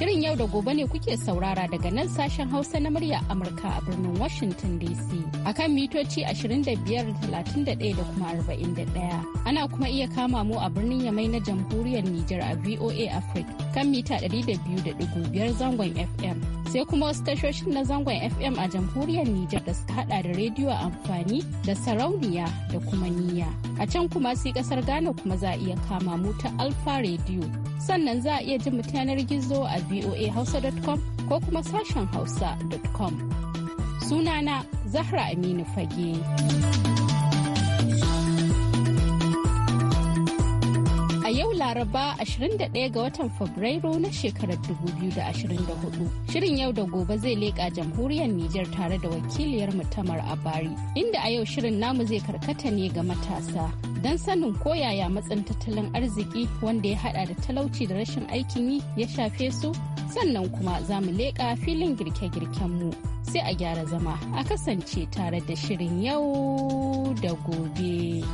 Shirin yau da gobe ne kuke saurara daga nan sashen Hausa na murya Amurka a birnin Washington DC kan mitoci 25,31 da kuma 41. Ana kuma iya kama mu a birnin Yamai na Jamhuriyar Nijar a VOA Africa kan mita 200.5 zangon FM. sai kuma wasu tashoshin na zangon fm a jamhuriyar nijar da suka hada da rediyo amfani da sarauniya da kuma niyya a can kuma sai kasar ghana kuma za a iya kama mu ta alfa rediyo sannan za a iya ji mu yanar gizo a voahausa.com ko kuma sashen hausa.com sunana zahra aminu fage. a yau Laraba 21 ga watan Fabrairu na shekarar 2024. Shirin yau da gobe zai leƙa jamhuriyar Nijar tare da wakiliyar mutamar a bari, inda a yau shirin namu zai karkata ne ga matasa. Don sanin koyaya matsin tattalin arziki wanda ya hada da talauci da rashin aikin yi ya shafe su, sannan kuma za mu leƙa filin girke girken mu Sai a gyara zama, a kasance tare da shirin yau da gobe.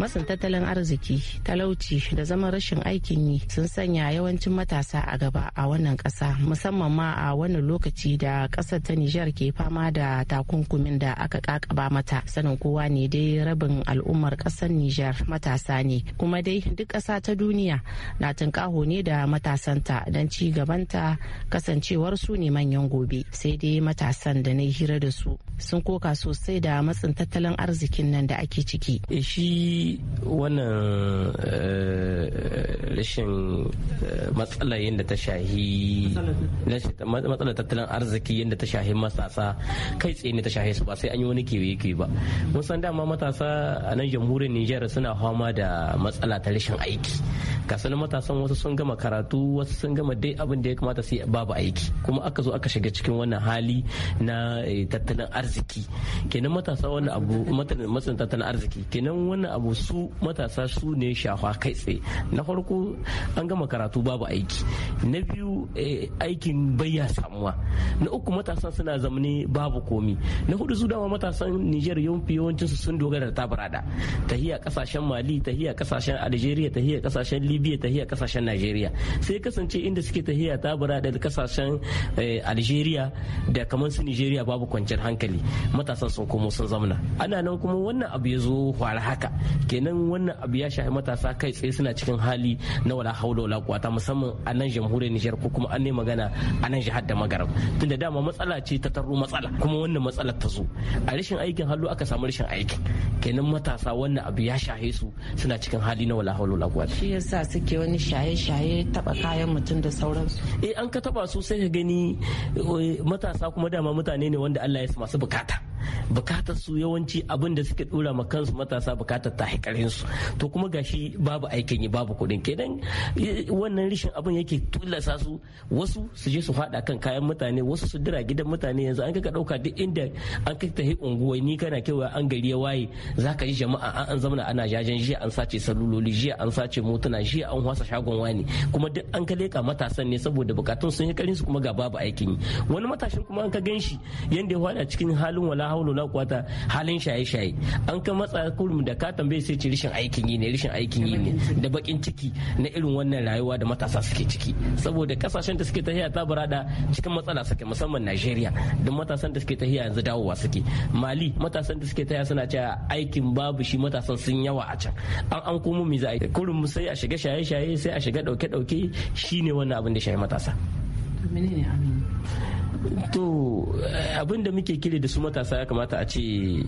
Masan tattalin arziki, talauci da zama rashin aikin yi sun sanya yawancin matasa a gaba a wannan ƙasa musamman ma a wannan lokaci da ƙasar ta Nijar ke fama da takunkumin da aka kakaba mata. Sanin kowa ne dai rabin al'ummar ƙasar Nijar matasa ne kuma dai duk ƙasa ta duniya na tunkaho ne da matasanta don ci gabanta kasancewar su ne manyan gobe sai dai matasan da na hira da su sun koka sosai da matsin tattalin arzikin nan da ake ciki. Eh, shi wannan eh, rashin eh, matsalar yadda ta shahi matsalar tattalin arziki yadda ta shahi matasa kai tsaye ne ta shahi su ba sai an yi wani kewaye kewaye ba mun san dama matasa a nan jamhuriyar nijar suna fama da matsala ta rashin aiki kasanin matasan wasu sun gama karatu wasu sun gama dai abin da ya kamata sai babu aiki kuma aka zo aka shiga cikin wannan hali na eh, tattalin arziki kenan matasa wannan abu matsalin tattalin arziki kenan wannan abu su matasa su ne shafa kai tsaye na farko an gama karatu babu aiki na biyu eh, aikin bayya samuwa na uku matasan suna zamani babu komi na hudu su dama matasan niger yawancin su sun dogara da tabarada tahiya kasashen mali tahiya kasashen algeria tahiya kasashen libya tahiya kasashen nigeria sai kasance inda suke tahiya tabarada da kasashen eh, algeria da kamar su nigeria babu kwanciyar hankali matasan sun komo sun zamana ana nan kuma wannan abu ya zo hwara haka kenan wannan abu ya shafi matasa kai tsaye suna cikin hali na wala haula wala kuwata musamman a nan jamhuriyar Nijar ko kuma an ne magana a nan jihar da Magarab tunda dama matsala ce ta tarro matsala kuma wannan matsalar ta zo a rashin aikin hallo aka samu rashin aikin kenan matasa wannan abu ya shahe su suna cikin hali na wala haula wala kuwata shi yasa suke wani shaye-shaye taba kayan mutum da sauransu eh an ka taba su sai ka gani eh, matasa kuma dama mutane ne wanda Allah ya su masu bukata bukatar su yawanci abin da suke dora ma kansu matasa bukatar ta haikarin su to kuma gashi babu aikin yi babu kuɗin kenan eh, wannan rishin abin yake tullasa su wasu su je su faɗa kan kayan mutane wasu su dira gidan mutane yanzu an kaka ɗauka duk inda an kaka tahi unguwai ni kana kewa an gari ya waye za ka yi jama'a an zamana ana jajen jiya an sace saluloli jiya an sace motuna jiya an wasa shagon wani kuma duk an ka leka matasan ne saboda bukatun sun yi karin su kuma ga babu aikin yi wani matashin kuma an ka gan shi yanda ya faɗa cikin halin wala haulu na kwata halin shaye shaye an kai matsa kurum da ka tambaye sai ce rishin aikin yi ne rishin aikin yi ne da bakin ciki na irin wannan rayuwa da matasa suke ciki saboda kasashen da suke tahiya ta barada cikin matsala suke musamman Najeriya da matasan da suke tahiya yanzu dawowa suke Mali matasan da suke tahiya suna cewa aikin babu shi matasan sun yawa a can an an komo mi za a yi kurum sai a shiga shaye shaye sai a shiga dauke dauke shine wannan abin da shaye matasa to abin da muke kire da su matasa ya kamata a ce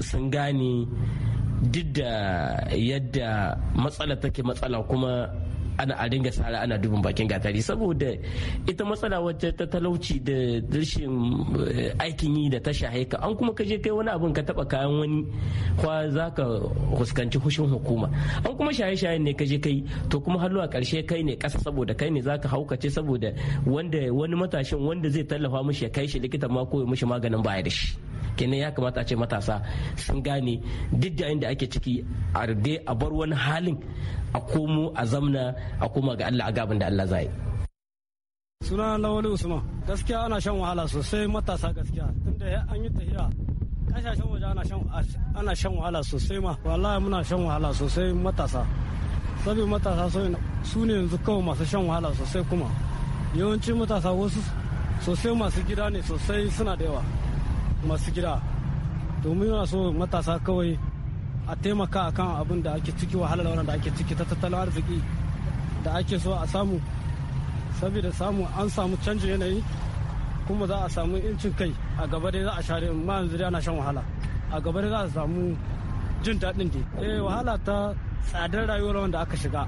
sun gane duk da yadda matsala take matsala kuma ana a dinga sara ana dubin bakin gatari saboda ita matsala wacce ta talauci da rashin eh, aikin yi da ta shahe an kuma kaje kai wani abin ka taba kayan wani kwa za ka fuskanci hushin hukuma an kuma shaye shaye ne kaje kai to kuma har a karshe kai ne kasa saboda kai ne za ka haukace saboda wanda wani matashin wanda zai tallafa mishi ya kai shi likita ma ko ya mishi maganin baya da shi kenan ya kamata a ce matasa sun gane duk da inda ake ciki a a bar wani halin a komo a zamna a koma ga Allah a gaban da Allah zai suna na wani usman gaskiya ana shan wahala sosai matasa gaskiya tunda an yi tahiya kashashen waje ana shan wahala sosai ma wallahi muna shan wahala sosai matasa saboda matasa su ne yanzu kawai masu shan wahala sosai kuma yawancin matasa wasu sosai masu gida ne sosai suna da yawa masu gida domin yana so matasa kawai a taimaka kan abin da ake ciki wahalar wannan da ake ciki ta tattalin arziki da ake so a samu saboda samu an samu canjin yanayi kuma za a samu incin kai a gaba dai za a share ma yanzu dai ana shan wahala a gaba dai za a samu jin daɗin dai eh wahala ta tsadar rayuwar wanda aka shiga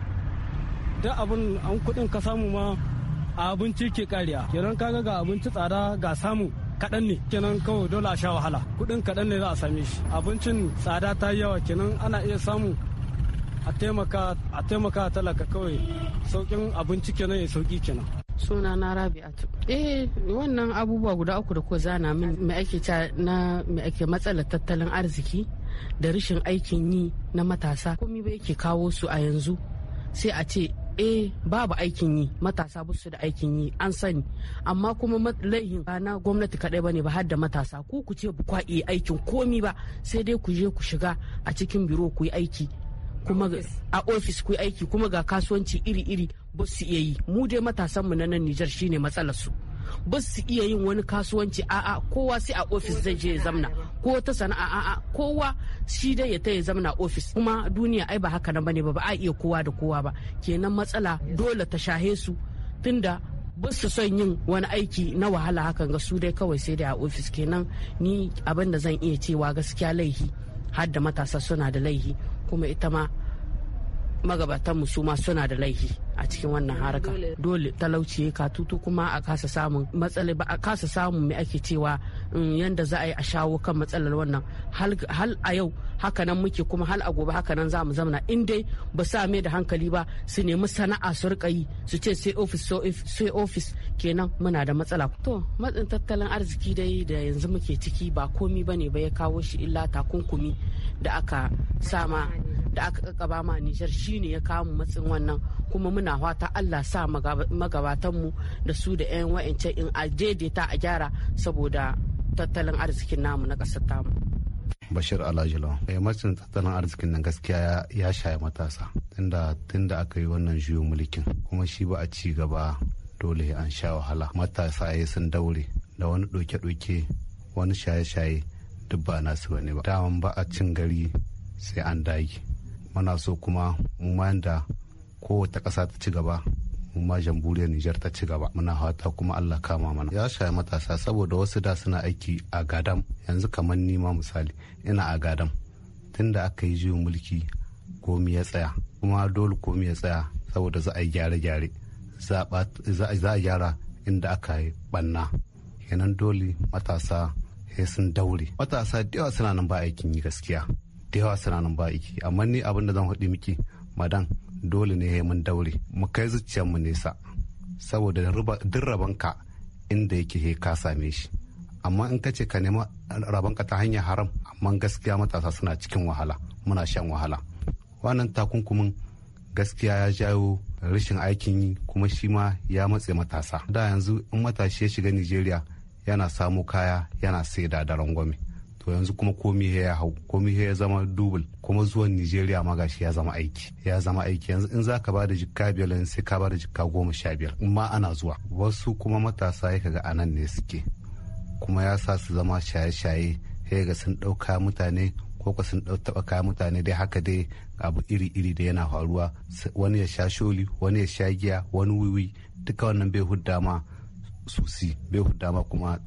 duk abin an kuɗin ka samu ma abinci ke kariya kenan kaga ga abinci tsada ga samu kaɗan ne kenan kawai dole a sha wahala kuɗin kaɗan ne za a same shi abincin tsada ta yi yawa kenan ana iya samu a taimaka a taimaka talaka kawai saukin abinci kenan ya sauki kenan suna na Rabi rabi'atu eh wannan abubuwa guda uku da ko zana min mai ake ta na mai ake matsalar tattalin arziki da rashin aikin yi na matasa komai ba yake kawo su a yanzu sai a ce eh babu aikin yi matasa ba su da aikin yi an sani amma kuma laihin ba na gwamnati kadai bane ba har da matasa ku ku ce kwa iya aikin komi ba sai dai ku je ku shiga a cikin biro ku yi aiki kuma a ofis ku yi aiki kuma ga kasuwanci iri-iri ba su iya yi mu dai matasanmu na nan Nijar shine matsalar su ba su iya yin wani kasuwanci a'a kowa sai a ofis zai je ya zamna ko ta sana'a a'a kowa shi dai ya ta ya zamna ofis kuma duniya ai ba haka nan bane ba ba a iya kowa da kowa ba kenan matsala dole ta shahe su tunda ba su son yin wani aiki na wahala hakan ga su dai kawai sai dai a ofis kenan ni abin da zan iya cewa gaskiya laifi. har da matasa suna da laifi kuma ita ma magabatanmu su ma suna da laifi a cikin wannan haraka dole talauci ka tutu kuma a kasa samun matsala ba a kasa samun mai ake cewa mm, yanda za a yi a shawo kan matsalar wannan hal a yau haka nan muke kuma hal a gobe hakanan nan za mu zamana in dai ba sa mai da hankali ba su nemi sana'a su rika yi su ce sai ofis sai ofis kenan muna da matsala to matsin tattalin arziki dai da yanzu muke ciki ba komi bane ba ya kawo shi illa takunkumi da aka sama da aka kakaba ma Nijar shine ya kamu matsin wannan kuma muna fata Allah sa magabatanmu da su da 'yan wa'ancan in a daidaita a gyara saboda tattalin arzikin namu na ƙasar tamu. Bashir Alajilo, mai eh, matsin tattalin arzikin nan gaskiya ya shaye matasa tunda tunda aka yi wannan juyin mulkin kuma shi ba a ci gaba dole an sha wahala matasa ya sun daure da wani doke ɗauke wani shaye-shaye duk ba nasu bane ba daman ba a cin gari sai an dage muna so kuma mu ma yanda kowace ƙasa ta ci gaba mu ma jamhuriyar Nijar ta ci gaba muna hawata kuma Allah kama mana ya shaye matasa saboda wasu da suna aiki a gadam yanzu kamar ni ma misali ina a gadam tunda aka yi juyin mulki komi ya tsaya kuma dole komi ya tsaya saboda za a yi gyare-gyare za a gyara inda aka yi banna kenan dole matasa sun daure matasa da yawa suna nan ba aikin yi gaskiya da yawa suna ba iki amma ni abin da zan haɗi miki madan dole ne ya mun daure mu kai zuciyar mu nesa saboda duk ka inda yake he ka same shi amma in ka ce ka nema rabon ka ta hanyar haram amma gaskiya matasa suna cikin wahala muna shan wahala wannan takunkumin gaskiya ya jawo rashin aikin yi kuma shi ma ya matse matasa da yanzu in matashi ya shiga nigeria yana samo kaya yana saida da rangwame to yanzu kuma komi ya hau komi ya zama dubul kuma zuwan nigeria ma gashi ya zama aiki ya zama aiki yanzu in zaka ba da jikka biyar sai ka ba da jikka goma sha biyar in ma ana zuwa wasu kuma matasa ya kaga anan ne suke kuma ya sa su zama shaye-shaye sai ga sun ɗauka mutane ko sun taɓa kaya mutane dai haka dai abu iri-iri da yana faruwa wani ya sha sholi wani ya sha giya wani wiwi duka wannan bai hudda ma sosai bai hudda ma kuma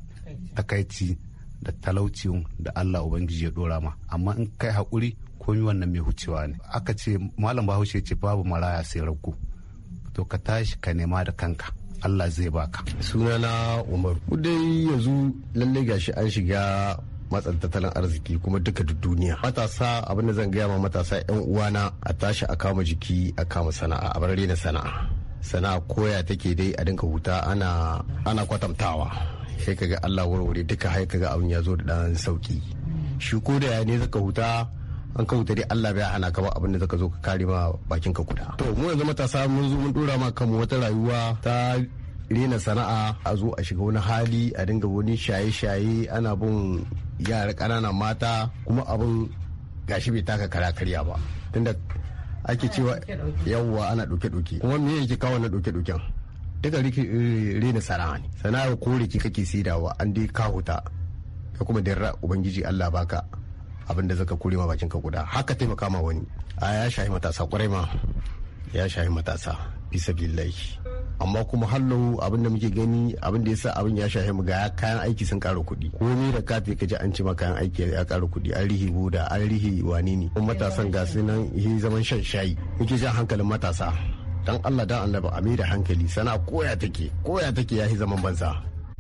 takaici da talauciyun da Allah Ubangiji ya dora ma amma in kai hakuri komi wannan mai hucewa ne aka ce malam bahaushe ce babu maraya sai ragu to ka tashi ka nema da kanka Allah zai baka sunana Umar dai yanzu lalle gashi an shiga matsan tattalin arziki kuma duka duniya matasa abin da zan gaya ma matasa yan uwana a tashi a kama jiki a kama sana'a a bar na sana'a sana'a koya take dai a dinka huta ana kwatantawa sai kaga Allah warware duka hai kaga abin ya zo da dan sauki shi ko da ya ne zaka huta an ka huta dai Allah bai hana ka ba abin da zaka zo ka kare ma bakin ka kuda to mu yanzu matasa mun zo mun dora ma kanmu wata rayuwa ta rena sana'a a zo a shiga wani hali a dinga wani shaye-shaye ana bin yara ƙananan mata kuma abin gashi bai taka kara karya ba tunda ake cewa yawwa ana ɗauke-ɗauke kuma me yake kawo na ɗauke-ɗauken duka eh, rena sana'a ne sana'a ko rake kake sidawa an dai ka huta ka kuma da ubangiji Allah baka abin da zaka kore ma bakin ka guda haka taimaka ma wani a ya shahi matasa kwarai ma ya shahi matasa bisa billahi amma kuma hallo abin da muke gani abin da yasa abin ya shahi mu ga kayan aiki sun ƙara kuɗi komai da kafe kaji an ci ma kayan aiki ya ƙara kuɗi an rihi boda an rihi wani ne kuma matasan ga sunan yi zaman shan shayi muke jan hankalin matasa dan Allah dan annabi a da hankali sana koya take koya take yahi zaman banza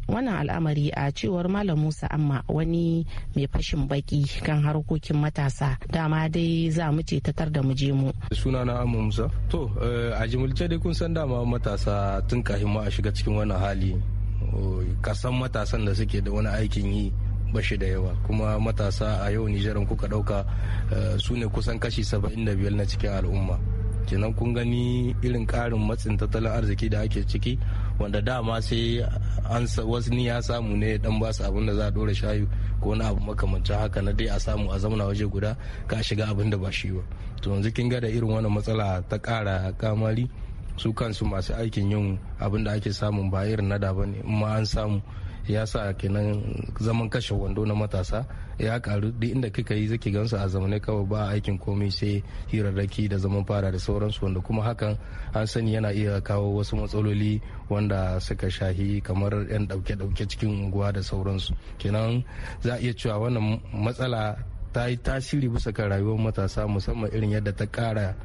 wannan al'amari a cewar malam musa amma wani mai fashin baki kan harkokin matasa dama dai za mu ce tatar da muje je mu suna na amma musa to eh, a jimilce dai kun san dama matasa tun kafin ma a shiga cikin wannan hali kasan matasan da suke da wani aikin yi bashi da yawa kuma matasa a yau nijaran kuka dauka eh, su ne kusan kashi 75 na cikin al'umma kenan kun gani irin karin matsin tattalin arziki da ake ciki wanda dama sai an wasu ni ya samu ne dan ba su abin da za a dora shayu ko wani abu makamancin haka na dai a samu a zauna waje guda ka shiga abin da ba shi ba to yanzu kin ga da irin wannan matsala ta kara kamari su kansu masu aikin yin abin da ake samun ba irin na da ba in ma an samu ya sa kenan zaman kashe wando na matasa ya karu duk inda kika yi zaki gansu a zamane kawai ba aikin komai sai hirarraki da zaman fara da sauransu wanda kuma hakan an sani yana iya kawo wasu matsaloli wanda suka shahi kamar yan dauke-dauke cikin unguwa da sauransu kenan za a iya cewa wannan matsala ta yi tasiri bisa kan rayuwar matasa musamman irin yadda ta kara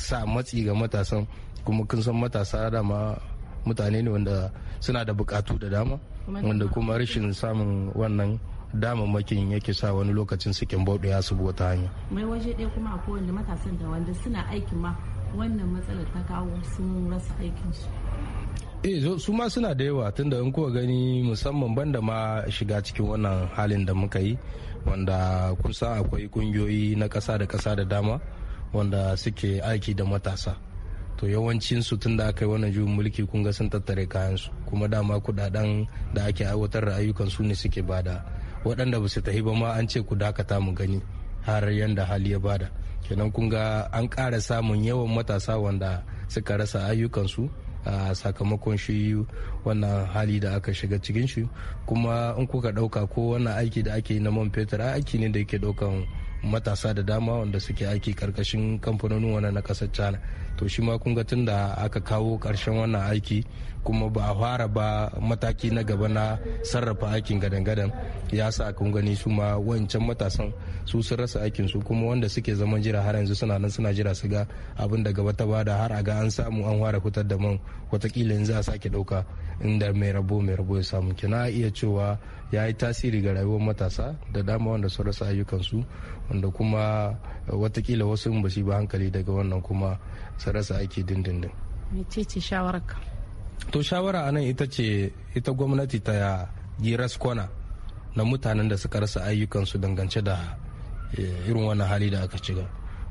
sa matsi ga matasan kuma kun san matasa dama mutane ne wanda suna da bukatu da dama wanda kuma rashin samun wannan damammakin yake sa wani lokacin sikin bauɗe ya subo ta hanya mai waje ɗaya kuma a kowanne matasan da wanda suna aiki ma wannan matsalar ta kawo sun rasa aikinsu eh su ma suna da yawa tunda in kuka gani musamman banda ma shiga cikin wannan halin da muka yi wanda kun akwai kungiyoyi na ƙasa da ƙasa da dama wanda suke aiki da matasa to yawancin su tunda aka yi wannan juyin mulki kun ga sun tattare kayan su kuma dama kudaden da ake aiwatar da ayyukan su ne suke bada waɗanda ba su tafi ba ma an ce ku dakata mu gani har yadda hali ya bada kenan kun ga an ƙara samun yawan matasa wanda suka rasa ayyukansu a sakamakon shi wannan hali da aka shiga cikin shi kuma in kuka ɗauka ko wannan aiki da ake yi na man fetur aiki ne da yake ɗaukan matasa da dama wanda suke aiki karkashin kamfanonin wannan na kasar china to shi ma kun tun da aka kawo karshen wannan aiki kuma ba a fara ba mataki na gaba na sarrafa aikin gadan-gadan ya sa kun gani su ma wancan matasan su sun rasa aikin su kuma wanda suke zaman jira har yanzu suna nan suna jira su ga abin da gaba ta bada har a ga an samu an fara fitar da man watakila in za a sake dauka inda mai rabo mai rabo ya samu kina iya cewa ya yi tasiri ga rayuwar matasa da dama wanda su rasa ayyukansu wanda kuma eh, watakila wasu ba ba hankali daga wannan kuma su rasa aiki dindindin. Mecece shawararka? To shawara anan ita ce ita gwamnati ta giras kwana na mutanen da suka rasa ayyukansu dangance da eh, irin wannan hali da aka shiga.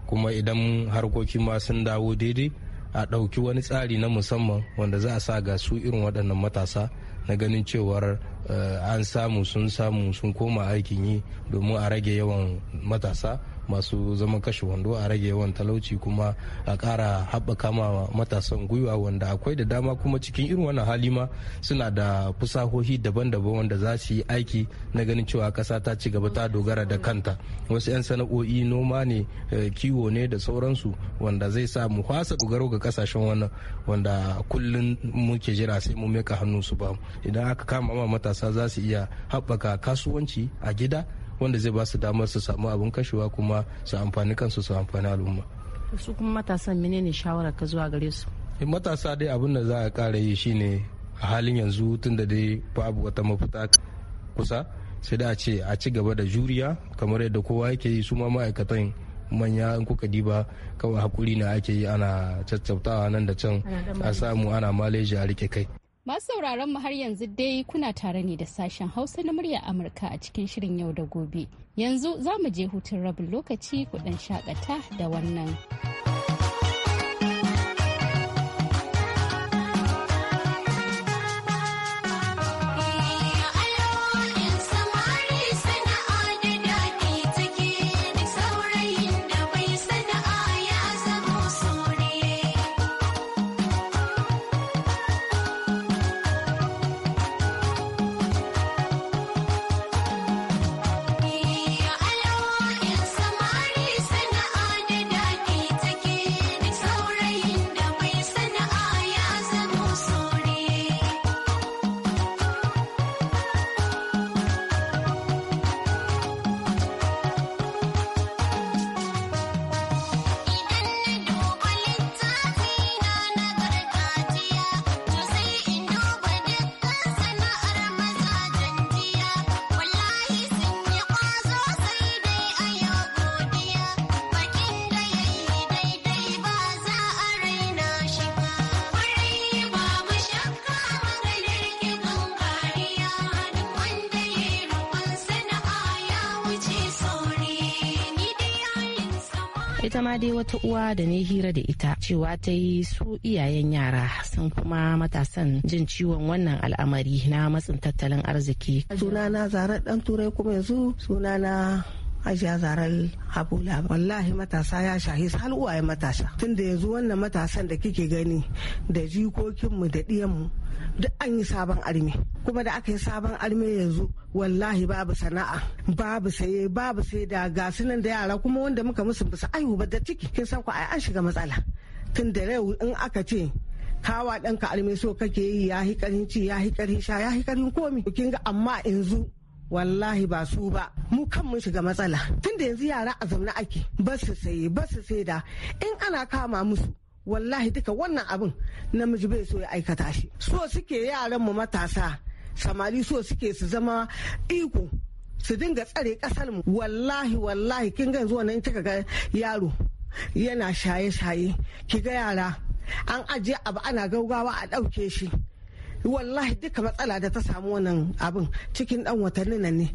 kuma idan harkoki ma sun dawo daidai a ɗauki wani tsari na musamman wanda za a sa ga su irin waɗannan matasa na ganin cewar eh, an samu sun samu sun koma aikin yi domin a rage yawan matasa masu zaman kashe wando a rage yawan talauci kuma a kara haɓaka ma matasan gwiwa wanda akwai da dama kuma cikin irin wannan hali ma suna da fusahohi daban-daban wanda za su yi aiki na ganin cewa ƙasa ta ci gaba ta dogara da kanta wasu 'yan sana'o'i noma ne eh, kiwo ne da sauransu wanda zai sa mu fasa dogaro ga kasashen wannan wanda kullum muke jira sai mu meka hannu su ba idan aka kama ma matasa za su iya haɓaka kasuwanci a gida wanda zai ba su damar su samu abin kashewa kuma su amfani kansu su amfani al'umma su kuma matasan menene shawarar ka zuwa gare su eh, matasa dai abin da za a kara yi shine a halin yanzu tunda dai babu wata mafita kusa sai da a ce a ci gaba da juriya kamar yadda kowa yake yi su ma ma'aikatan manya in kuka diba kawai hakuri na ake yi ana caccautawa nan da can a samu ana maleji a rike kai Masu sauraron mu har yanzu dai kuna tare ne da sashen Hausa na murya Amurka a cikin shirin yau da gobe. Yanzu za mu je hutun rabin lokaci kuɗin shakata da wannan. ita ma dai wata uwa da ne hira da ita cewa ta yi su iyayen yara sun kuma matasan jin ciwon wannan al'amari na matsin tattalin arziki sunana zarar dan turai kuma yanzu sunana ajiya zarar abula wallahi matasa ya shahi har uwaye matasa tun da yanzu wannan matasan da kike gani da jikokinmu da ɗiyanmu duk an yi sabon arme kuma da aka yi sabon arme yanzu wallahi babu sana'a babu saye babu sai da gasu nan da yara kuma wanda muka musu basu. aihu ba da ciki kin san ku ai an shiga matsala tun da in aka ce kawa ɗanka arme so kake yi ya hi karin ci ya hi karin sha ya hi karin komi kin ga amma yanzu wallahi ba su ba mu kan mun shiga matsala tunda yanzu yara a zaune ake ba su saye ba su sai da in ana kama musu wallahi duka wannan abin namiji bai so ya aikata shi so suke yaran mu matasa samari so suke su zama iko su dinga tsare kasar mu wallahi wallahi kin ga yanzu wannan kika ga yaro yana shaye shaye ki ga yara an ajiye abu ana gaugawa a ɗauke shi wallahi duka matsala da ta samu wannan abin cikin dan watanni nan ne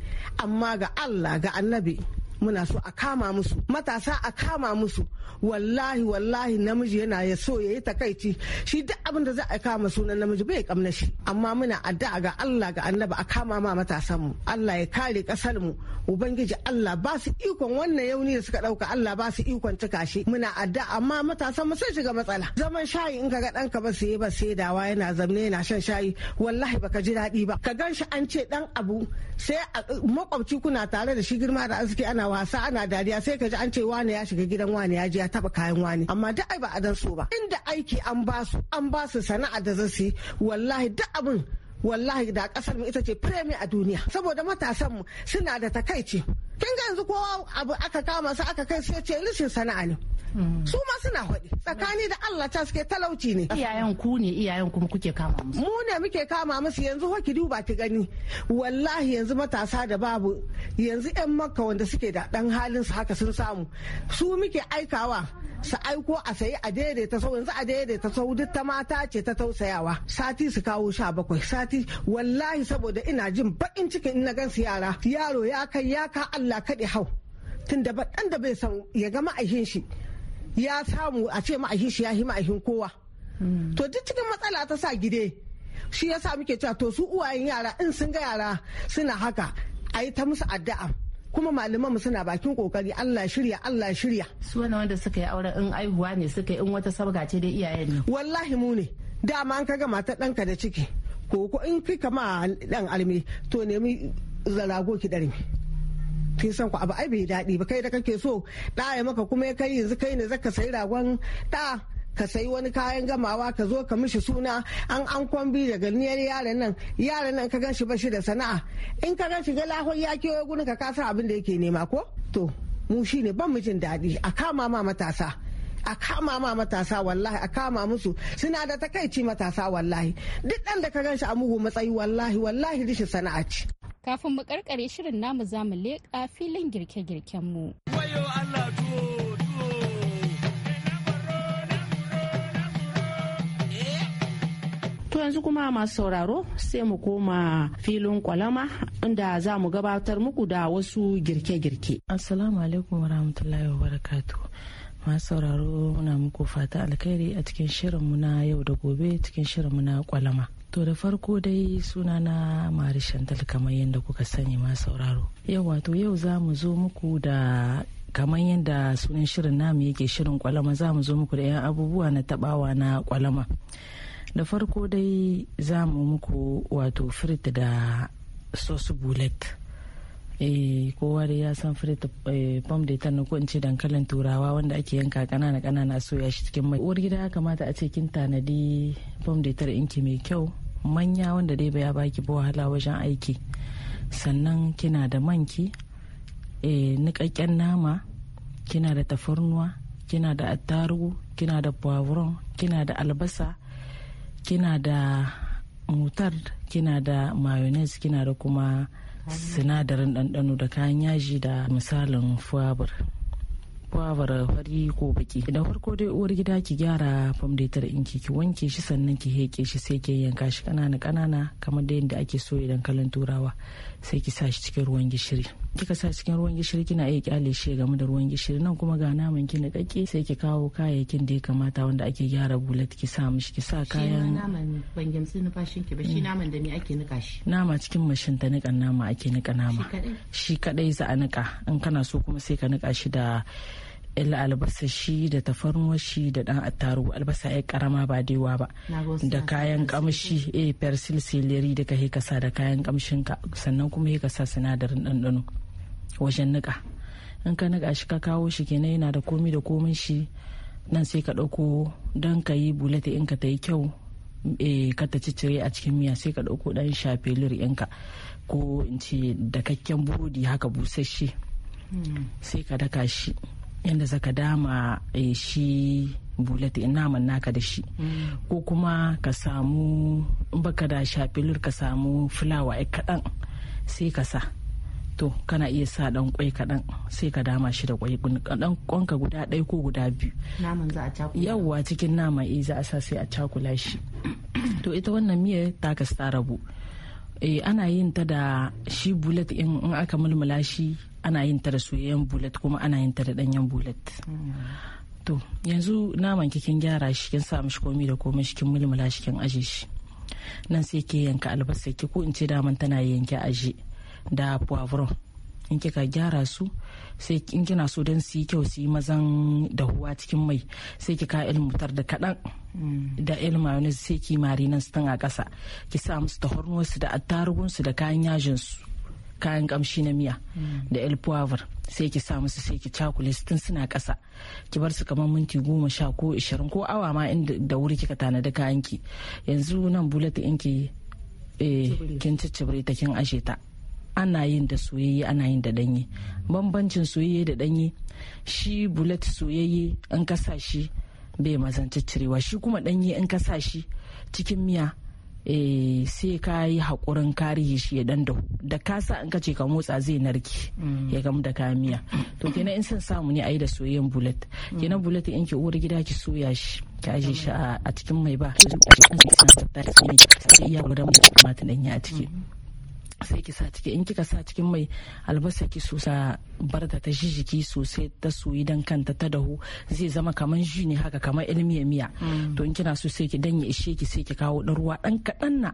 amma ga Allah ga annabi muna so a kama musu matasa a kama musu wallahi wallahi namiji yana ya so ya yi takaici shi duk abin da za a kama sunan namiji bai kamna shi amma muna addu'a ga Allah ga annabi a kama ma matasan mu Allah ya kare kasar mu ubangiji Allah ba su ikon wannan yauni da suka dauka Allah ba su ikon cika shi muna addu'a amma matasan mu sai shiga matsala zaman shayi in ka ga danka ba sai ba sai dawa yana zamne yana shan shayi wallahi baka ji daɗi ba ka gan shi an ce dan abu sai makwabci kuna tare da shi girma da arziki ana wasa ana dariya sai ka ji an ce wani ya shiga gidan wani ya ji ya taba kayan wani amma duk ai ba a dan so ba inda aiki an ba su an ba su sana'a da zasu yi wallahi duk abin wallahi da kasar mu ita ce firemi a duniya saboda matasan mu suna da takaici kin ga yanzu kowa abu aka kama su aka kai sai ce rishin sana'a ne mm. su ma suna hudu tsakani da Allah ta suke talauci ne iyayen ku ne iyayen kuma kuke kama musu mu ne muke kama musu yanzu ho ki duba ki gani wallahi yanzu matasa da babu yanzu yan makka wanda suke da dan halin su haka sun samu su muke aikawa su aiko a sayi a daidaita sau yanzu a daidaita sau duk ta mata ce ta tausayawa sati su kawo sha bakwai sati wallahi saboda ina jin bakin cikin ina gan su yara yaro ya kai ya ka Allah Allah kaɗe hau tun da ɗan da bai san ya ga ma'aikin shi ya samu a ce ma'aikin shi ya yi ma'aikin kowa hmm. to duk cikin matsala ta sa gide shi ya sa muke cewa to su uwayen yara in sun ga yara suna haka a yi ta musu addu'a kuma malamanmu suna bakin kokari Allah shirya Allah shirya su wani wanda suka yi auren in aihuwa ne suka yi in wata sabga ce dai iyayen ne wallahi mu ne dama an kaga matar ɗanka da ciki ko in kika ma dan almi to nemi zarago ki ɗarmi kin san ku abu ai bai daɗi ba kai da kake so ɗa ya maka kuma ya kai yanzu kai ne ka sayi ragon ɗa ka sayi wani kayan gamawa ka zo ka mishi suna an an kwambi daga niyar yaran nan yaran nan ka gan shi shi da sana'a in ka gan shi ga lahon ya wai gudun ka kasa abin da yake nema ko to mu shi ne ban mijin daɗi a kama ma matasa a kama ma matasa wallahi a kama musu suna da takaici matasa wallahi duk ɗan da ka gan shi a mugu matsayi wallahi wallahi rishi sana'a ce Kafin mu karkare shirin namu za mu leƙa filin girke-girkenmu. To yanzu kuma masu sauraro sai mu koma filin kwalama inda za mu gabatar muku da wasu girke-girke. Assalamu alaikum wa rahmatullahi wa barakatu. masu sauraro muna muku fata alkhairi a cikin shirinmu na yau da gobe cikin shirinmu na kwalama. To da farko dai suna na Mari Shantal kamar yadda kuka sani ma sauraro. Yau wato yau za mu zo muku da kamar yadda sunan shirin namu yake shirin kwalama za mu zo muku da 'yan abubuwa na tabawa na kwalama. Da farko dai za mu muku wato firit da sosu bulet Eh, kowa da ya san frit eh, pom de tan ko in ce dankalin turawa wanda ake yanka kanana kanana soya shi cikin mai uwar gida ya kamata a ce kin tanadi pom de tar inki mai kyau manya wanda dai ya baki ba wahala wajen aiki sannan kina da manki e, eh, nikakken nama kina da tafarnuwa kina da attarugu kina da poivron kina da albasa kina da mutar kina da mayonnaise kina da kuma sinadarin ɗanɗano da kayan yaji da misalin fuwabar kwabara fari ko baki idan farko dai uwar gida ki gyara famdetar in ki ki wanke shi sannan ki heke shi sai ki yanka shi kanana kanana kamar da yadda ake so idan kalan turawa sai ki sa shi cikin ruwan gishiri kika sa cikin ruwan gishiri kina iya kyale shi game da ruwan gishiri nan kuma ga naman ki nikakke sai ki kawo kayayyakin da ya kamata wanda ake gyara bulat ki sa mishi ki sa kayan naman ban gamsu numfashin ki ba shi mm. naman da me ake nika shi nama cikin mashin ta nikan nama ake nika nama shi kadai za a nika in kana so kuma sai ka nika shi da Ila albasa shi da shi da dan attarugu albasa ya karama ba daiwa ba da kayan kamshi a eh, persil celery daga hekasa da kayan kamshin ka sannan kuma hekasa sinadarin ɗanɗano wajen nika in ka nika shi ka kawo shi kenan yana da komi da komin shi nan sai ka ɗauko dan ka yi bulata in ka ta yi kyau eh, ka ta ciccire a cikin miya sai ka ɗauko ɗan in ka ko in ce da kakken burodi haka busasshe hmm. sai ka daka shi yadda zaka dama eh, shi bulati naman naka da shi ko kuma ka samu baka da shafilur ka samu fulawa ai kaɗan sai ka sa to kana iya sa dan kwai kaɗan sai ka dama shi da kwai ɗan kwanka guda ɗaya ko guda biyu naman a yawwa cikin nama eh za a sa sai a cakula shi to ita wannan miyar ta ka rabu eh, ana yin ta da shi bullet in aka mulmula shi ana yin ta da soyayyen bulet kuma ana yin ta da yan bulet to yanzu naman kikin gyara shi kin sa mishi komi da komai shi kin mulmula shi kin aje shi nan sai ke yanka albasa ki ko in ce daman tana yanke aje da poivron in kika gyara su sai in kina so dan su yi kyau su yi mazan huwa cikin mai sai ki ka ilmutar da kaɗan da il mayonnaise sai ki nan su a kasa. ki sa musu da hornuwarsu da attarugunsu da kayan su kayan kamshi na miya mm. da el sai ki sa musu sai ki cakule tun suna kasa ki bar su kamar minti goma sha ko ishirin ko awa ma inda da wuri kika tanadi kayan ki yanzu nan ki eh kin ciccire ta kin ashe ta ana yin da soyayye ana yin da danye bambancin soyayye da danye shi bulet soyayye an kasa shi bai mazan ciccirewa shi kuma danye an kasa shi cikin miya Eh, sai ka yi haƙurin karihi shi ya dan da ka sa in ka ce ka motsa zai narke mm. ya gamu da kamiya miya to kenan in san samu ne a yi da soyayyen bullet kenan bulet in ki uwar gida ki soya shi ka aje shi a cikin mai ba a cikin sai iya gudan mata danya a ciki mm. sai ki sa ciki in kika sa cikin mai albasa ki sa bar da ta jijiki sosai ta soyi dan kanta ta dahu zai zama kamar ji ne haka kamar ilmiya miya mm. to in kina so sai ki danye ishe ki sai ki kawo ɗan ruwa ɗan kadan na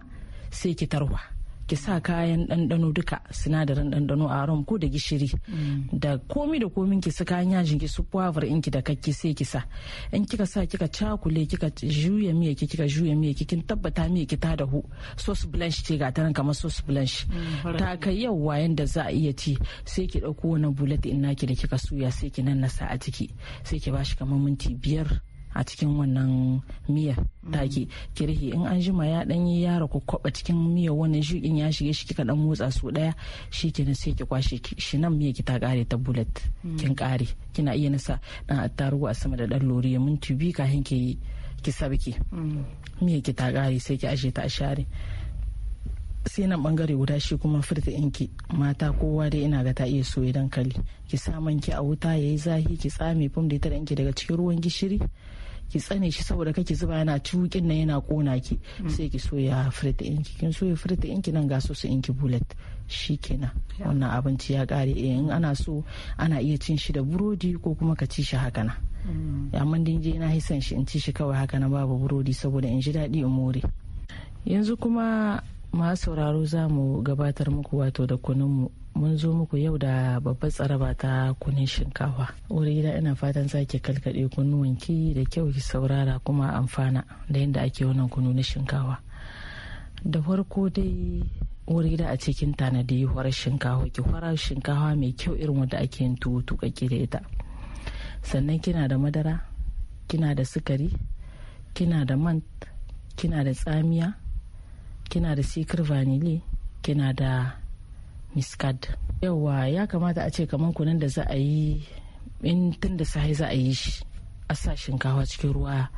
sai ki tarwa ki sa kayan ɗanɗano duka sinadarin ɗanɗano a rom ko da gishiri mm. da komi da komin ki su kayan yajin ki su kwavar in ki da kakki sai ki sa in kika sa kika cakule kika juya miya ki kika juya miya ki kin tabbata miya ki ta dahu Sos blanche ce ga taran kamar sos blanche mm, ta kai wayan da za a iya ci sai ki ɗauko wani bulet in naki da kika suya sai ki nannasa a ciki sai ki bashi kamar minti biyar a cikin wannan miya miyar mm. ke kirhi in an jima ya danyi ya kwaba cikin miya wannan shukin ya shige shi kika dan motsa su daya shi kenan sai ki kwashe shi nan miya ki ta kare ta bullet mm. kin kare kina iya nasa dan attarugu a sama da dan ya minti biyu kafin ki ki sabki mm. miya ki ta kare sai ki aje ta a share sai nan bangare guda shi kuma furta inki mata kowa dai ina ga ta iya soya dankali ki sa ki a wuta yayi zahi ki tsame fum da ita da inki daga cikin ruwan gishiri ki tsane shi saboda kake zuba yana tuƙin nan yana kona ki mm. sai ki soya firta inki kin soya firta inki nan ga su ki bullet shi kenan wannan abinci ya kare eh, in ana so ana iya cin shi da burodi ko kuma ka ci shi haka mm. na amma din je na hisan shi in ci shi kawai haka na babu burodi saboda in ji daɗi in more yanzu kuma masu sauraro za gabatar muku wato da kunun mu mun zo muku yau da babbar tsaraba ta kunin shinkafa wuri da ina fatan zaki kalkaɗe kunnuwanki da kyau ki saurara kuma amfana da yadda ake wannan kunu na shinkafa da farko dai wuri da a cikin tanadi horar shinkafa ki fara shinkafa mai kyau irin wanda ake yin tuwo da ita sannan kina da madara kina da sukari kina da man kina da tsamiya kina da sikir vanili kina da miskad yawa ya kamata a ce kamar kunan da za a yi in tun da sahi za a yi shi a sa shinkawa cikin ruwa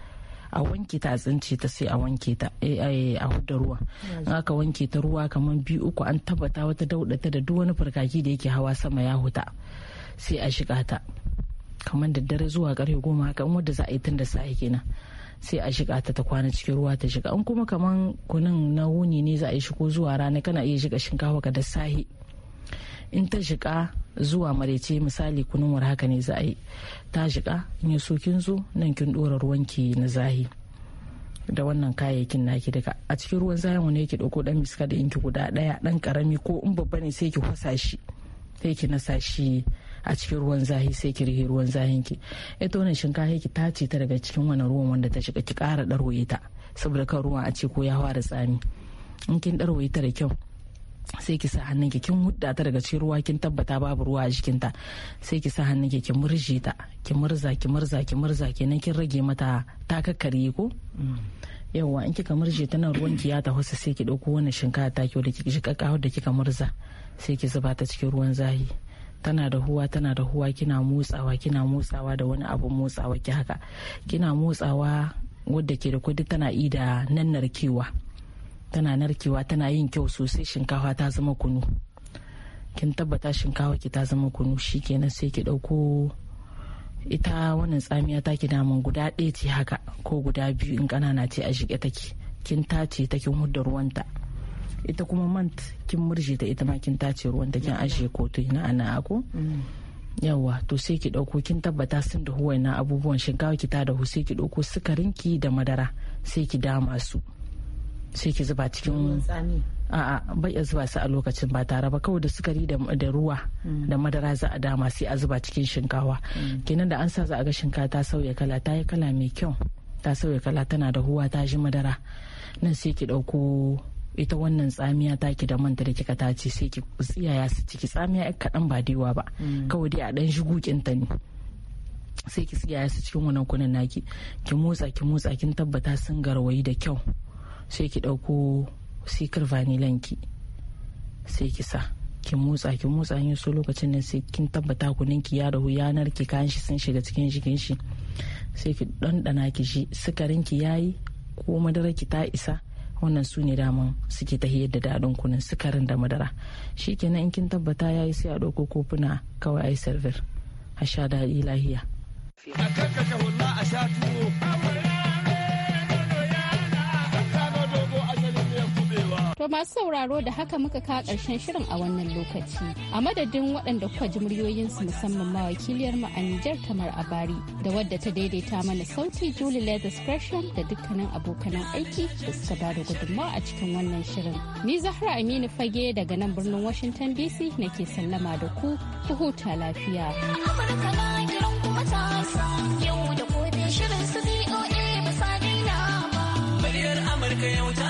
a wanke ta a tsince ta sai a wanke ta eh, eh, a huda ruwa in aka wanke ta ruwa kamar biyu uku an tabbata wata daudata da duk wani farkaki da yake hawa sama ya huta sai a shiga ta kamar da dare zuwa karfe goma haka in wadda za a yi tun da sahi kenan sai a shiga ta ta kwana cikin ruwa ta shiga in kuma kamar kunun na wuni ne za a yi shigo zuwa rana kana iya shiga shinkafa ka da sahi in ta shiga zuwa marece misali kunun haka ne za a yi ta shiga in yi kin zo nan kin dora ki na zahi da wannan kayayyakin naki daga a cikin ruwan zahin wani yake dauko dan miska da inki guda daya dan karami ko in babba ne sai ki kwasa shi sai ki nasa shi a cikin ruwan zahi sai ki rihe ruwan zahin ki ita wannan shinkafa ki tace ta daga cikin wannan ruwan wanda ta shiga ki kara ɗaroye ta saboda kan ruwan a ce ko ya fara tsami in kin ɗaroye ta da kyau sai ki sa hannun ki kin hudda ta daga cikin ruwa kin tabbata babu ruwa a jikinta sai ki sa hannun ki murje ta ki murza ki murza ki murza nan kin rage mata ta kakkare ko yawwa in kika murje ta nan ruwan ki ya taho sai ki dauko wannan shinkafa ta kiwo da kika shikakka da kika murza sai ki zuba ta cikin ruwan zahi tana da huwa tana da huwa kina motsawa kina motsawa da wani abu motsawa ki haka kina motsawa wadda ke da kudi tana ida nannarkewa tana narkewa tana yin kyau sosai shinkafa ta zama kunu kin tabbata shinkafa ki ta zama kunu shikenan sai ki dauko ita wannan tsamiya ta ki damun guda ɗaya ce haka ko guda biyu in kanana ce a shige take kin tace ta kin hudda ruwanta ita kuma mant kin murje ta ita ma kin tace ruwanta kin ajiye kotu na ana ako yawa to sai ki dauko kin tabbata sun da huwa na abubuwan shinkawa ki ta dahu sai ki ɗauko sukarin ki da madara sai ki dama su sai ki zuba cikin a'a bai a zuba su a lokacin ba tare ba kawai da sukari da ruwa mm. da madara za a dama sai a zuba cikin shinkawa mm. kenan da an sa za a ga shinkawa ta sauya kala ta yi kala mai kyau ta sauya kala tana da huwa ta ji madara nan sai ki ɗauko ita wannan tsamiya ta ki da manta da kika tace sai ki tsiyaya su ciki tsamiya ya kaɗan ba daiwa ba mm. kawai dai a ɗan shi ta ne sai ki tsiyaya su cikin wannan kunan naki ki motsa ki motsa kin tabbata sun garwayi da kyau sai ki ɗauko sikar vanilan ki sai ki sa ki motsa ki motsa yin so lokacin nan sai kin tabbata kunun ki ya dahu yanar ki kayan shi sun shiga cikin jikin shi sai ki ɗanɗana ki shi sukarin ki yayi ko madara ki ta isa wannan su ne daman suke hiyar da daɗin kunin sukarin da madara shi kenan in kin tabbata yayi sai a ɗauko kofuna kawai ai servir a sha daɗi lahiya. A a sha tuwo. To masu sauraro da haka muka kawo ƙarshen shirin a wannan lokaci. A madadin waɗanda kuka ji muryoyinsu musamman ma wakiliyar mu a Nijar a bari da wadda ta daidaita mana sauti Julie Leather Gresham da dukkanin abokanan aiki da suka ba da gudunmawa a cikin wannan shirin. Ni Zahra Aminu Fage daga nan birnin Washington DC nake sallama da ku, ku huta lafiya. Amurka na kiran